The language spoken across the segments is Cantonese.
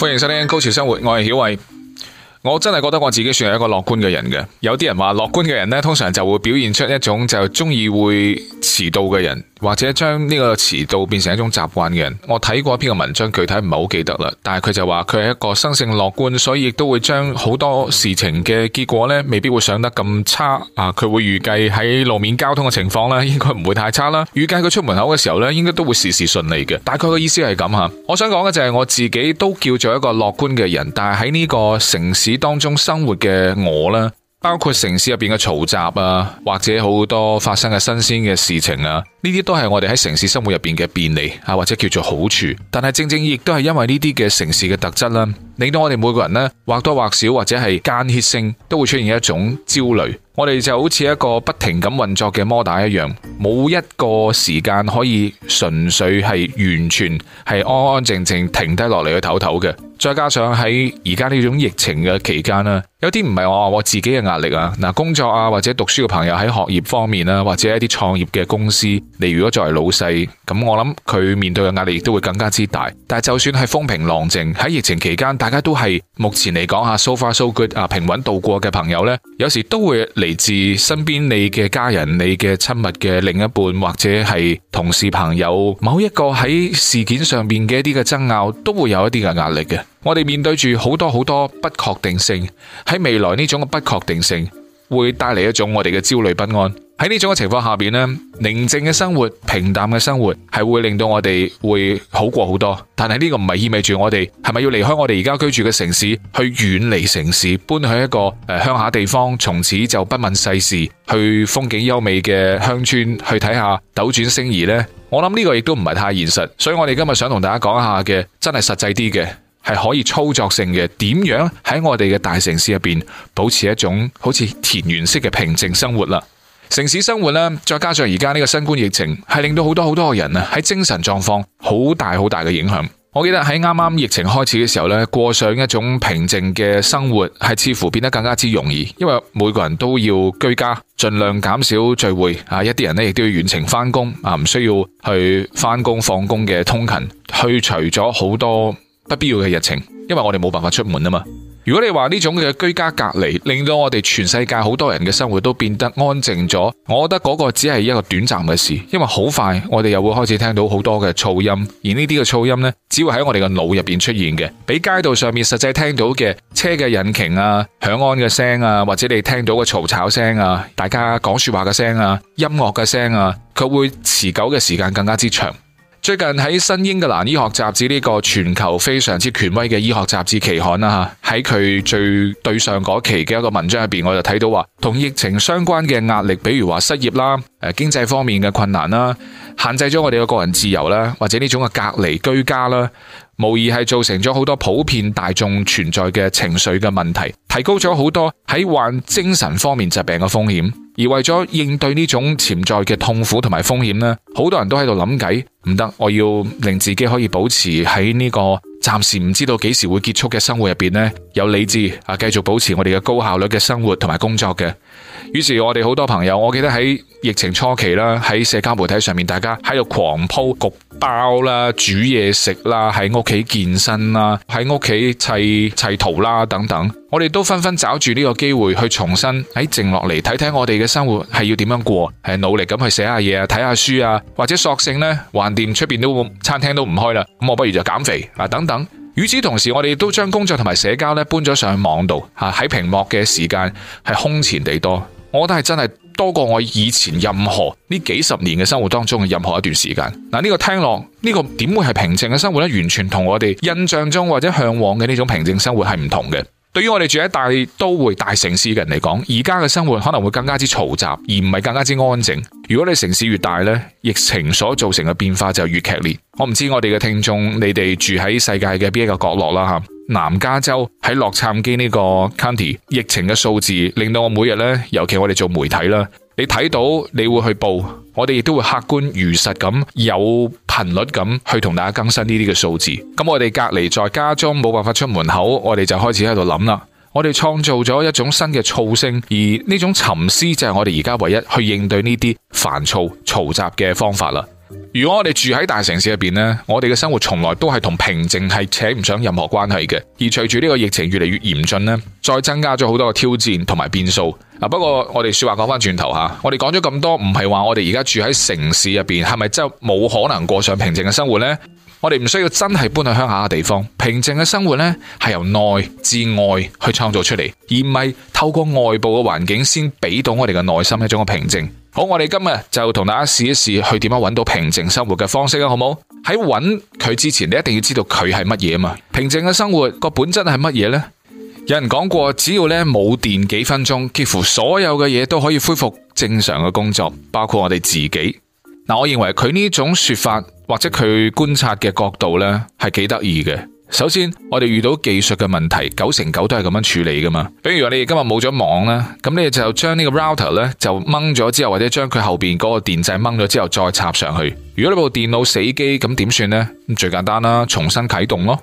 歡迎收聽《高潮生活》，我係曉偉，我真係覺得我自己算係一個樂觀嘅人嘅。有啲人話樂觀嘅人咧，通常就會表現出一種就鍾意會。遲到嘅人，或者將呢個遲到變成一種習慣嘅人，我睇過一篇嘅文章，具體唔係好記得啦。但係佢就話佢係一個生性樂觀，所以亦都會將好多事情嘅結果呢未必會想得咁差啊。佢會預計喺路面交通嘅情況呢應該唔會太差啦。預計佢出門口嘅時候呢應該都會事事順利嘅。大概嘅意思係咁吓。我想講嘅就係我自己都叫做一個樂觀嘅人，但係喺呢個城市當中生活嘅我咧。包括城市入邊嘅嘈雜啊，或者好多發生嘅新鮮嘅事情啊。呢啲都係我哋喺城市生活入邊嘅便利啊，或者叫做好處。但係正正亦都係因為呢啲嘅城市嘅特質啦，令到我哋每個人呢，或多或少或者係間歇性都會出現一種焦慮。我哋就好似一個不停咁運作嘅摩打一樣，冇一個時間可以純粹係完全係安安靜靜停低落嚟去唞唞嘅。再加上喺而家呢種疫情嘅期間啦，有啲唔係我話我自己嘅壓力啊，嗱工作啊或者讀書嘅朋友喺學業方面啊，或者一啲創業嘅公司。你如果作為老細，咁我諗佢面對嘅壓力亦都會更加之大。但就算係風平浪靜，喺疫情期間，大家都係目前嚟講吓 so far so good 啊，平穩度過嘅朋友咧，有時都會嚟自身邊你嘅家人、你嘅親密嘅另一半或者係同事朋友，某一個喺事件上面嘅一啲嘅爭拗，都會有一啲嘅壓力嘅。我哋面對住好多好多不確定性，喺未來呢種嘅不確定性，會帶嚟一種我哋嘅焦慮不安。喺呢種嘅情況下邊呢，寧靜嘅生活、平淡嘅生活，係會令到我哋會好過好多。但係呢個唔係意味住我哋係咪要離開我哋而家居住嘅城市，去遠離城市，搬去一個誒鄉下地方，從此就不問世事，去風景優美嘅鄉村去睇下斗轉星移呢？我諗呢個亦都唔係太現實。所以我哋今日想同大家講下嘅，真係實際啲嘅，係可以操作性嘅，點樣喺我哋嘅大城市入邊保持一種好似田園式嘅平靜生活啦。城市生活咧，再加上而家呢個新冠疫情，係令到好多好多嘅人啊，喺精神狀況好大好大嘅影響。我記得喺啱啱疫情開始嘅時候咧，過上一種平靜嘅生活係似乎變得更加之容易，因為每個人都要居家，盡量減少聚會啊，一啲人呢亦都要遠程翻工啊，唔需要去翻工放工嘅通勤，去除咗好多不必要嘅日程，因為我哋冇辦法出門啊嘛。如果你話呢種嘅居家隔離令到我哋全世界好多人嘅生活都變得安靜咗，我覺得嗰個只係一個短暫嘅事，因為好快我哋又會開始聽到好多嘅噪音，而呢啲嘅噪音呢，只會喺我哋嘅腦入邊出現嘅，比街道上面實際聽到嘅車嘅引擎啊、響安嘅聲啊，或者你聽到嘅嘈吵聲啊、大家講說話嘅聲啊、音樂嘅聲啊，佢會持久嘅時間更加之長。最近喺新英格蘭醫學雜誌呢個全球非常之權威嘅醫學雜誌期刊啦吓，喺佢最對上嗰期嘅一個文章入邊，我就睇到話，同疫情相關嘅壓力，比如話失業啦、誒經濟方面嘅困難啦，限制咗我哋嘅個人自由啦，或者呢種嘅隔離居家啦，無疑係造成咗好多普遍大眾存在嘅情緒嘅問題，提高咗好多喺患精神方面疾病嘅風險。而為咗應對呢種潛在嘅痛苦同埋風險咧，好多人都喺度諗計，唔得，我要令自己可以保持喺呢個暫時唔知道幾時會結束嘅生活入面，有理智啊，繼續保持我哋嘅高效率嘅生活同埋工作嘅。於是我哋好多朋友，我記得喺疫情初期啦，喺社交媒體上面，大家喺度狂鋪焗包啦、煮嘢食啦、喺屋企健身啦、喺屋企砌砌圖啦等等，我哋都紛紛找住呢個機會去重新喺靜落嚟睇睇我哋嘅生活係要點樣過，係努力咁去寫下嘢啊、睇下書啊，或者索性呢橫掂出面都餐廳都唔開啦，咁我不如就減肥啊等等。與此同時，我哋都將工作同埋社交呢搬咗上網度，吓喺屏幕嘅時間係空前地多。我都係真係多過我以前任何呢幾十年嘅生活當中嘅任何一段時間。嗱，呢個聽落，呢個點會係平靜嘅生活呢？完全同我哋印象中或者向往嘅呢種平靜生活係唔同嘅。對於我哋住喺大都會大城市嘅人嚟講，而家嘅生活可能會更加之嘈雜，而唔係更加之安靜。如果你城市越大呢，疫情所造成嘅變化就越劇烈。我唔知我哋嘅聽眾，你哋住喺世界嘅邊一個角落啦吓。南加州喺洛杉磯呢個 county 疫情嘅數字，令到我每日呢，尤其我哋做媒體啦，你睇到你會去報，我哋亦都會客觀如實咁有頻率咁去同大家更新呢啲嘅數字。咁我哋隔離在家中冇辦法出門口，我哋就開始喺度諗啦。我哋創造咗一種新嘅噪聲，而呢種沉思就係我哋而家唯一去應對呢啲煩躁嘈雜嘅方法啦。如果我哋住喺大城市入邊呢，我哋嘅生活從來都係同平靜係扯唔上任何關係嘅。而隨住呢個疫情越嚟越嚴峻呢，再增加咗好多嘅挑戰同埋變數。啊，不過我哋說話講翻轉頭吓，我哋講咗咁多，唔係話我哋而家住喺城市入邊，係咪真係冇可能過上平靜嘅生活呢？我哋唔需要真係搬去鄉下嘅地方，平靜嘅生活呢，係由內至外去創造出嚟，而唔係透過外部嘅環境先俾到我哋嘅內心一種嘅平靜。好，我哋今日就同大家試一試去點樣揾到平靜生活嘅方式啊，好冇？喺揾佢之前，你一定要知道佢係乜嘢啊嘛。平靜嘅生活個本質係乜嘢呢？有人講過，只要咧冇電幾分鐘，幾乎所有嘅嘢都可以恢復正常嘅工作，包括我哋自己。嗱，我認為佢呢種說法或者佢觀察嘅角度呢，係幾得意嘅。首先，我哋遇到技術嘅問題，九成九都係咁樣處理噶嘛。比如話你今日冇咗網啦，咁你就將呢個 router 咧就掹咗之後，或者將佢後邊嗰個電掣掹咗之後再插上去。如果部電腦死機，咁點算咧？最簡單啦，重新啟動咯。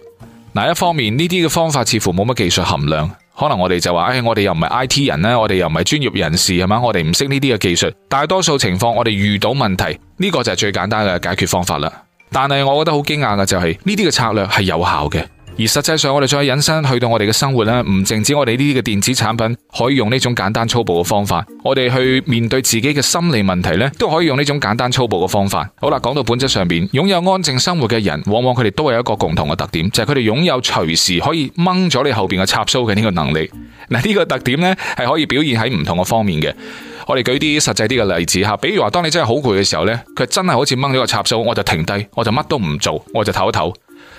嗱，一方面呢啲嘅方法似乎冇乜技術含量，可能我哋就話，誒，我哋又唔係 IT 人咧，我哋又唔係專業人士係嘛，我哋唔識呢啲嘅技術。大多數情況，我哋遇到問題，呢個就係最簡單嘅解決方法啦。但係我覺得好驚訝嘅就係呢啲嘅策略係有效嘅，而實際上我哋再引申去到我哋嘅生活呢，唔淨止我哋呢啲嘅電子產品可以用呢種簡單粗暴嘅方法，我哋去面對自己嘅心理問題呢，都可以用呢種簡單粗暴嘅方法。好啦，講到本質上面，擁有安靜生活嘅人，往往佢哋都有一個共同嘅特點，就係佢哋擁有隨時可以掹咗你後邊嘅插蘇嘅呢個能力。嗱，呢個特點呢，係可以表現喺唔同嘅方面嘅。我哋舉啲實際啲嘅例子吓，比如話當你真係好攰嘅時候呢，佢真係好似掹咗個插數，我就停低，我就乜都唔做，我就唞一唞。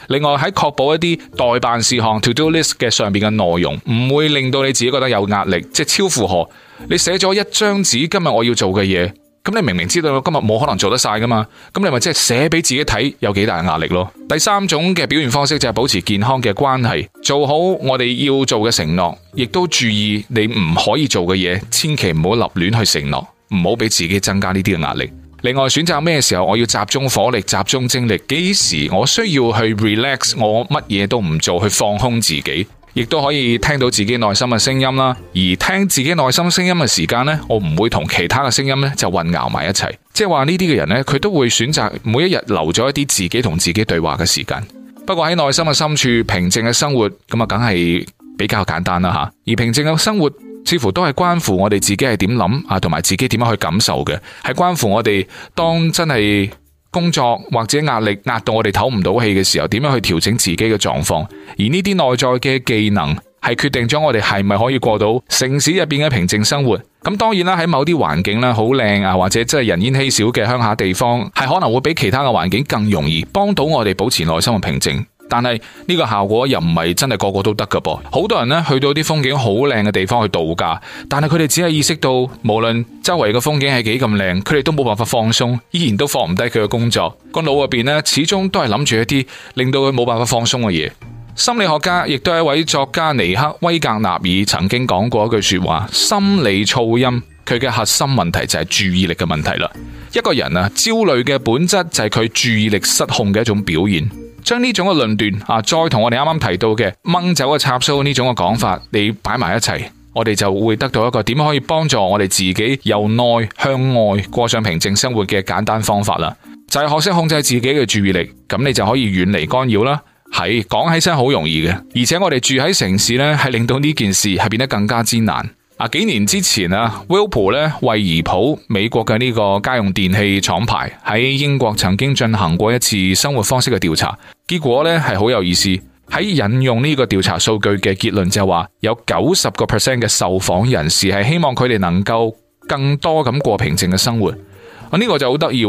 另外，喺確保一啲待辦事項 to do list 嘅上邊嘅內容，唔會令到你自己覺得有壓力，即係超負荷。你寫咗一張紙，今日我要做嘅嘢。咁你明明知道今日冇可能做得晒噶嘛，咁你咪即係寫俾自己睇，有幾大壓力咯。第三種嘅表現方式就係保持健康嘅關係，做好我哋要做嘅承諾，亦都注意你唔可以做嘅嘢，千祈唔好立亂去承諾，唔好俾自己增加呢啲嘅壓力。另外，選擇咩時候我要集中火力、集中精力，幾時我需要去 relax，我乜嘢都唔做，去放空自己。亦都可以聽到自己內心嘅聲音啦，而聽自己內心聲音嘅時間呢，我唔會同其他嘅聲音呢就混淆埋一齊，即係話呢啲嘅人呢，佢都會選擇每一日留咗一啲自己同自己對話嘅時間。不過喺內心嘅深處平靜嘅生活，咁啊，梗係比較簡單啦吓。而平靜嘅生活似乎都係關乎我哋自己係點諗啊，同埋自己點樣去感受嘅，係關乎我哋當真係。工作或者壓力壓到我哋唞唔到氣嘅時候，點樣去調整自己嘅狀況？而呢啲內在嘅技能係決定咗我哋係咪可以過到城市入邊嘅平靜生活。咁當然啦，喺某啲環境咧好靚啊，或者即係人煙稀少嘅鄉下地方，係可能會比其他嘅環境更容易幫到我哋保持內心嘅平靜。但係呢個效果又唔係真係個個都得噶噃，好多人呢，去到啲風景好靚嘅地方去度假，但係佢哋只係意識到，無論周圍嘅風景係幾咁靚，佢哋都冇辦法放鬆，依然都放唔低佢嘅工作，個腦入邊呢，始終都係諗住一啲令到佢冇辦法放鬆嘅嘢。心理學家亦都係一位作家尼克威格納爾曾經講過一句說話，心理噪音，佢嘅核心問題就係注意力嘅問題啦。一個人啊焦慮嘅本質就係佢注意力失控嘅一種表現。將呢種嘅論斷啊，再同我哋啱啱提到嘅掹走嘅插蘇呢種嘅講法，你擺埋一齊，我哋就會得到一個點可以幫助我哋自己由內向外過上平靜生活嘅簡單方法啦。就係、是、學識控制自己嘅注意力，咁你就可以遠離干擾啦。係講起身好容易嘅，而且我哋住喺城市呢，係令到呢件事係變得更加之難。啊幾年之前啊，Whirlpool 咧，惠而浦美國嘅呢個家用電器廠牌喺英國曾經進行過一次生活方式嘅調查，結果咧係好有意思。喺引用呢個調查數據嘅結論就係話，有九十個 percent 嘅受訪人士係希望佢哋能夠更多咁過平靜嘅生活。我、啊、呢、呢個就好得意。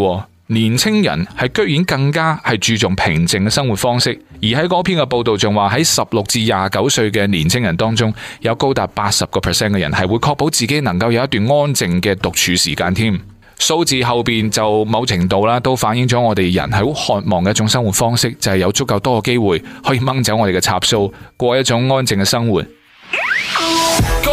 年青人係居然更加係注重平靜嘅生活方式，而喺嗰篇嘅報道仲話喺十六至廿九歲嘅年青人當中，有高達八十個 percent 嘅人係會確保自己能夠有一段安靜嘅獨處時間添。數字後邊就某程度啦，都反映咗我哋人係好渴望嘅一種生活方式，就係、是、有足夠多嘅機會可以掹走我哋嘅插蘇，過一種安靜嘅生活。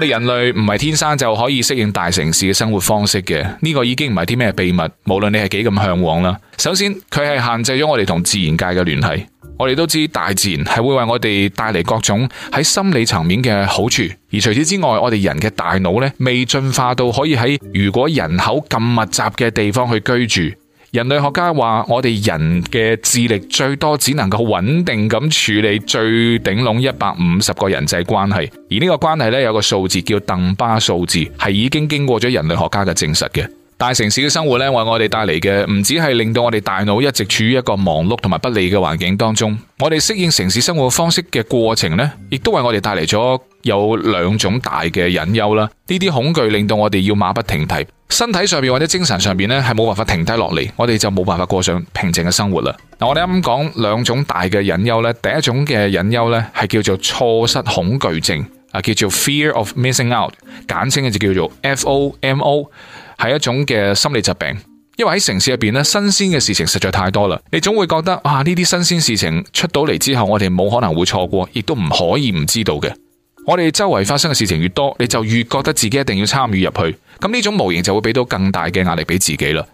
我哋人類唔係天生就可以適應大城市嘅生活方式嘅，呢個已經唔係啲咩秘密。無論你係幾咁向往啦，首先佢係限制咗我哋同自然界嘅聯繫。我哋都知道大自然係會為我哋帶嚟各種喺心理層面嘅好處，而除此之外，我哋人嘅大腦咧未進化到可以喺如果人口咁密集嘅地方去居住。人類學家話，我哋人嘅智力最多只能夠穩定咁處理最頂籠一百五十個人際關係。而呢個關係咧，有個數字叫鄧巴數字，係已經經過咗人類學家嘅證實嘅。大城市嘅生活咧，為我哋帶嚟嘅唔止係令到我哋大腦一直處於一個忙碌同埋不利嘅環境當中。我哋適應城市生活方式嘅過程咧，亦都為我哋帶嚟咗有兩種大嘅隱憂啦。呢啲恐懼令到我哋要馬不停蹄。身體上面或者精神上面咧，係冇辦法停低落嚟，我哋就冇辦法過上平靜嘅生活啦。嗱，我哋啱啱講兩種大嘅隱憂咧，第一種嘅隱憂咧，係叫做錯失恐懼症啊，叫做 Fear of Missing Out，簡稱嘅就叫做 FOMO，係一種嘅心理疾病。因為喺城市入邊咧，新鮮嘅事情實在太多啦，你總會覺得啊，呢啲新鮮事情出到嚟之後，我哋冇可能會錯過，亦都唔可以唔知道嘅。我哋周圍發生嘅事情越多，你就越覺得自己一定要參與入去。咁呢種模型就會俾到更大嘅壓力俾自己啦，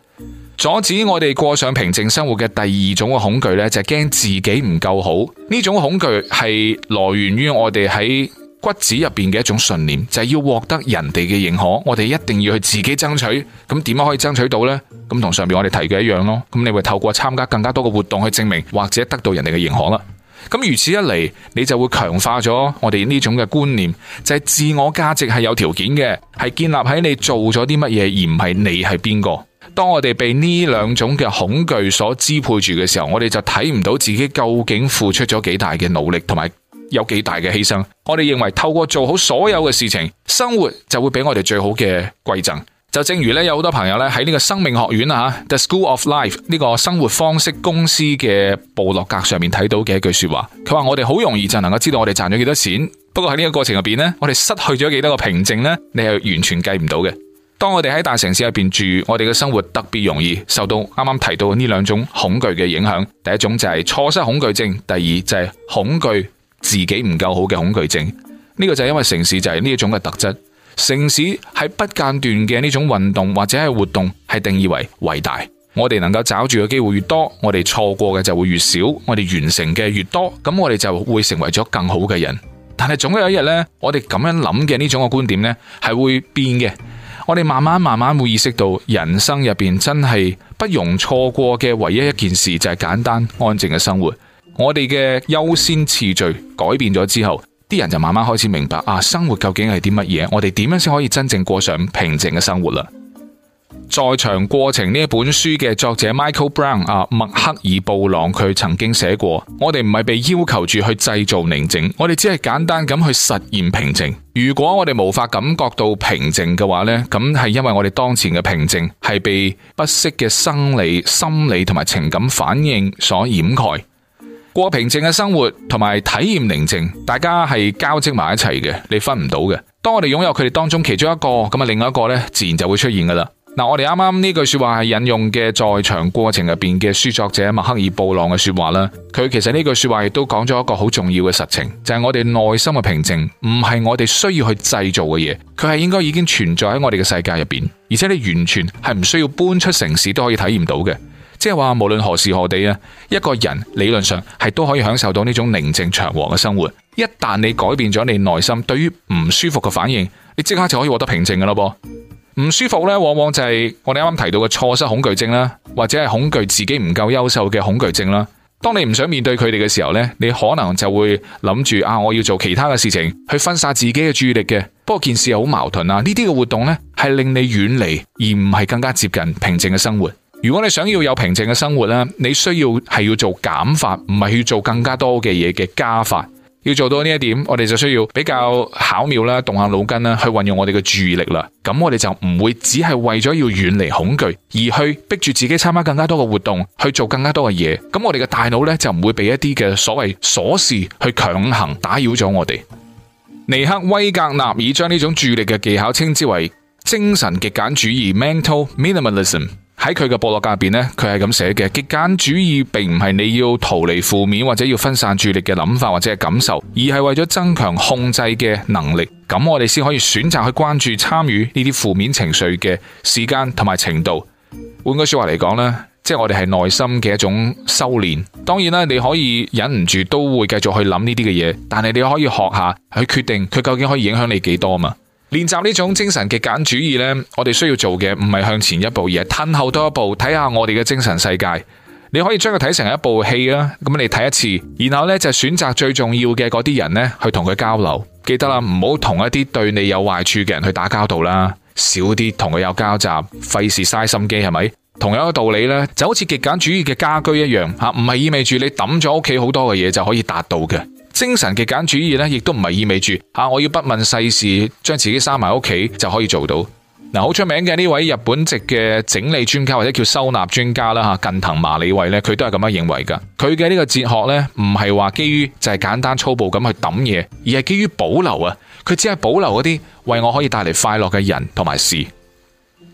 阻止我哋過上平靜生活嘅第二種嘅恐懼呢，就係驚自己唔夠好。呢種恐懼係來源於我哋喺骨子入邊嘅一種信念，就係要獲得人哋嘅認可。我哋一定要去自己爭取。咁點樣可以爭取到呢？咁同上面我哋提嘅一樣咯。咁你會透過參加更加多嘅活動去證明，或者得到人哋嘅認可啦。咁如此一嚟，你就會強化咗我哋呢種嘅觀念，就係自我價值係有條件嘅，係建立喺你做咗啲乜嘢，而唔係你係邊個。當我哋被呢兩種嘅恐懼所支配住嘅時候，我哋就睇唔到自己究竟付出咗幾大嘅努力，同埋有幾大嘅犧牲。我哋認為透過做好所有嘅事情，生活就會俾我哋最好嘅饋贈。就正如咧，有好多朋友咧喺呢個生命學院啊吓，The School of Life 呢個生活方式公司嘅部落格上面睇到嘅一句說話，佢話我哋好容易就能夠知道我哋賺咗幾多錢，不過喺呢個過程入邊呢，我哋失去咗幾多個平靜呢，你係完全計唔到嘅。當我哋喺大城市入邊住，我哋嘅生活特別容易受到啱啱提到呢兩種恐懼嘅影響。第一種就係錯失恐懼症，第二就係恐懼自己唔夠好嘅恐懼症。呢個就係因為城市就係呢一種嘅特質。城市喺不間斷嘅呢種運動或者係活動，係定義為偉大。我哋能夠找住嘅機會越多，我哋錯過嘅就會越少，我哋完成嘅越多，咁我哋就會成為咗更好嘅人。但係總有一日咧，我哋咁樣諗嘅呢種嘅觀點咧，係會變嘅。我哋慢慢慢慢會意識到，人生入邊真係不容錯過嘅唯一一件事就係簡單安靜嘅生活。我哋嘅優先次序改變咗之後。啲人就慢慢開始明白啊，生活究竟係啲乜嘢？我哋點樣先可以真正過上平靜嘅生活啦？ 在場過程呢一本書嘅作者 Michael Brown 啊，麥克爾布朗佢曾經寫過， 我哋唔係被要求住去製造寧靜，我哋只係簡單咁去實現平靜。如果我哋無法感覺到平靜嘅話呢，咁係因為我哋當前嘅平靜係被不適嘅生理、心理同埋情感反應所掩蓋。過平靜嘅生活同埋體驗寧靜，大家係交織埋一齊嘅，你分唔到嘅。當我哋擁有佢哋當中其中一個，咁啊另外一個咧自然就會出現噶啦。嗱，我哋啱啱呢句說話係引用嘅在場過程入邊嘅書作者麥克爾布朗嘅說話啦。佢其實呢句說話亦都講咗一個好重要嘅實情，就係我哋內心嘅平靜唔係我哋需要去製造嘅嘢，佢係應該已經存在喺我哋嘅世界入邊，而且你完全係唔需要搬出城市都可以體驗到嘅。即係話，無論何時何地啊，一個人理論上係都可以享受到呢種寧靜祥和嘅生活。一旦你改變咗你內心對於唔舒服嘅反應，你即刻就可以獲得平靜噶啦噃。唔舒服咧，往往就係我哋啱啱提到嘅錯失恐懼症啦，或者係恐懼自己唔夠優秀嘅恐懼症啦。當你唔想面對佢哋嘅時候咧，你可能就會諗住啊，我要做其他嘅事情去分散自己嘅注意力嘅。不過件事好矛盾啊，呢啲嘅活動咧係令你遠離而唔係更加接近平靜嘅生活。如果你想要有平靜嘅生活咧，你需要係要做減法，唔係去做更加多嘅嘢嘅加法。要做到呢一點，我哋就需要比較巧妙啦，動下腦筋啦，去運用我哋嘅注意力啦。咁我哋就唔會只係為咗要遠離恐懼，而去逼住自己參加更加多嘅活動，去做更加多嘅嘢。咁我哋嘅大腦呢，就唔會俾一啲嘅所謂瑣事去強行打擾咗我哋。尼克威格納爾將呢種注意力嘅技巧稱之為精神極簡主義 （Mental Minimalism）。喺佢嘅部落格入邊呢佢係咁寫嘅：極簡主義並唔係你要逃離負面或者要分散注意力嘅諗法或者係感受，而係為咗增強控制嘅能力。咁我哋先可以選擇去關注、參與呢啲負面情緒嘅時間同埋程度。換句說話嚟講呢即係我哋係內心嘅一種修煉。當然啦，你可以忍唔住都會繼續去諗呢啲嘅嘢，但係你可以學下去決定佢究竟可以影響你幾多嘛。練習呢種精神極簡主義呢，我哋需要做嘅唔係向前一步，而係褪後多一步，睇下我哋嘅精神世界。你可以將佢睇成一部戲啦，咁你睇一次，然後呢就是、選擇最重要嘅嗰啲人呢去同佢交流。記得啦，唔好同一啲對你有壞處嘅人去打交道啦，少啲同佢有交集，費事嘥心機係咪？同樣嘅道理呢，就好似極簡主義嘅家居一樣，吓唔係意味住你抌咗屋企好多嘅嘢就可以達到嘅。精神極簡主義咧，亦都唔係意味住吓，我要不問世事，將自己生埋屋企就可以做到。嗱，好出名嘅呢位日本籍嘅整理專家或者叫收納專家啦吓，近藤麻里惠咧，佢都係咁樣認為噶。佢嘅呢個哲學咧，唔係話基於就係簡單粗暴咁去抌嘢，而係基於保留啊。佢只係保留嗰啲為我可以帶嚟快樂嘅人同埋事。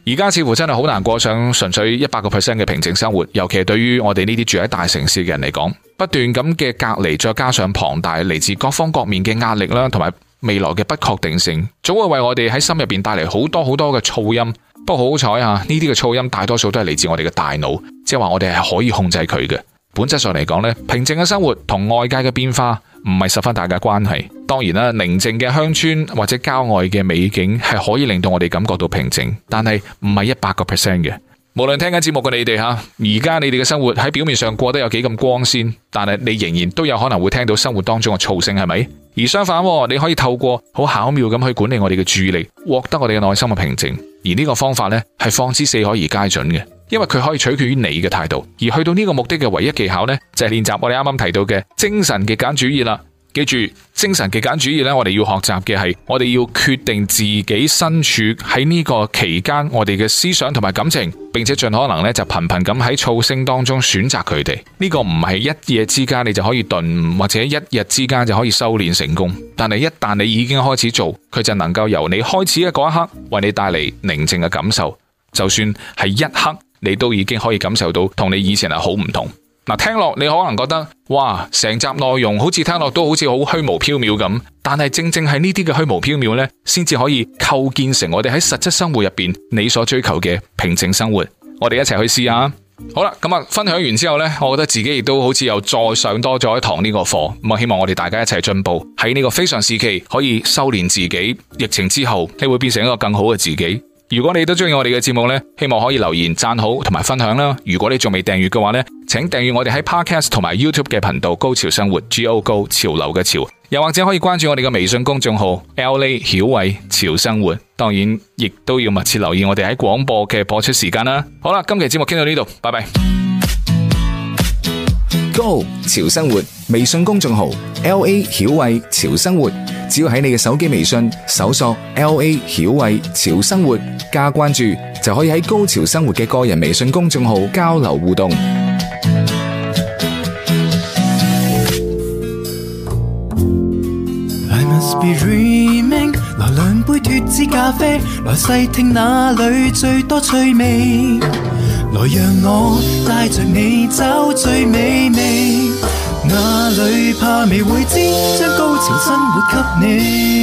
而家似乎真係好難過上純粹一百個 percent 嘅平靜生活，尤其係對於我哋呢啲住喺大城市嘅人嚟講，不斷咁嘅隔離，再加上龐大嚟自各方各面嘅壓力啦，同埋未來嘅不確定性，總會為我哋喺心入邊帶嚟好多好多嘅噪音。不過好彩啊，呢啲嘅噪音大多數都係嚟自我哋嘅大腦，即係話我哋係可以控制佢嘅。本質上嚟講呢，平靜嘅生活同外界嘅變化唔係十分大嘅關係。當然啦，寧靜嘅鄉村或者郊外嘅美景係可以令到我哋感覺到平靜，但係唔係一百個 percent 嘅。無論聽緊節目嘅你哋吓，而家你哋嘅生活喺表面上過得有幾咁光鮮，但係你仍然都有可能會聽到生活當中嘅噪聲，係咪？而相反，你可以透過好巧妙咁去管理我哋嘅注意力，獲得我哋嘅內心嘅平靜。而呢個方法呢，係放之四海而皆準嘅，因為佢可以取決於你嘅態度。而去到呢個目的嘅唯一技巧呢，就係練習我哋啱啱提到嘅精神極簡主義啦。記住精神極簡主義咧，我哋要學習嘅係，我哋要決定自己身處喺呢個期間，我哋嘅思想同埋感情，並且盡可能咧就頻頻咁喺噪聲當中選擇佢哋。呢、這個唔係一夜之間你就可以頓悟，或者一日之間就可以修煉成功。但係一旦你已經開始做，佢就能夠由你開始嘅嗰一刻為你帶嚟寧靜嘅感受。就算係一刻，你都已經可以感受到同你以前係好唔同。嗱，聽落你可能覺得，哇，成集內容好似聽落都好似好虛無縹緲咁，但係正正係呢啲嘅虛無縹緲咧，先至可以構建成我哋喺實質生活入面你所追求嘅平靜生活。我哋一齊去試下。好啦，咁啊，分享完之後呢，我覺得自己亦都好似又再上多咗一堂呢個課。希望我哋大家一齊進步，喺呢個非常時期可以修煉自己，疫情之後你會變成一個更好嘅自己。如果你都中意我哋嘅節目呢，希望可以留言、讚好同埋分享啦。如果你仲未訂閱嘅話呢，請訂閱我哋喺 Podcast 同埋 YouTube 嘅頻道《Go 潮生活 G O Go 潮流嘅潮》，又或者可以關注我哋嘅微信公眾號 L A 曉慧潮生活。當然，亦都要密切留意我哋喺廣播嘅播出時間啦。好啦，今期節目傾到呢度，拜拜。Go 潮生活微信公眾號 L A 曉慧潮生活。只要喺你嘅手機微信搜索 L A 曉慧潮生活加關注，就可以喺高潮生活嘅個人微信公眾號交流互動。來兩杯脫脂咖啡，來細聽哪裏最多趣味，來讓我帶着你走最美味。哪裏怕未會知，將高潮生活給你。